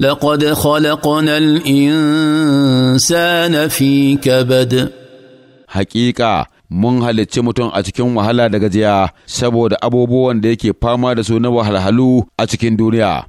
لقد خلقنا الإنسان في كبد حقيقة mun halicci mutum a cikin wahala da gajiya saboda abubuwan da yake fama da su na wahalhalu a cikin duniya.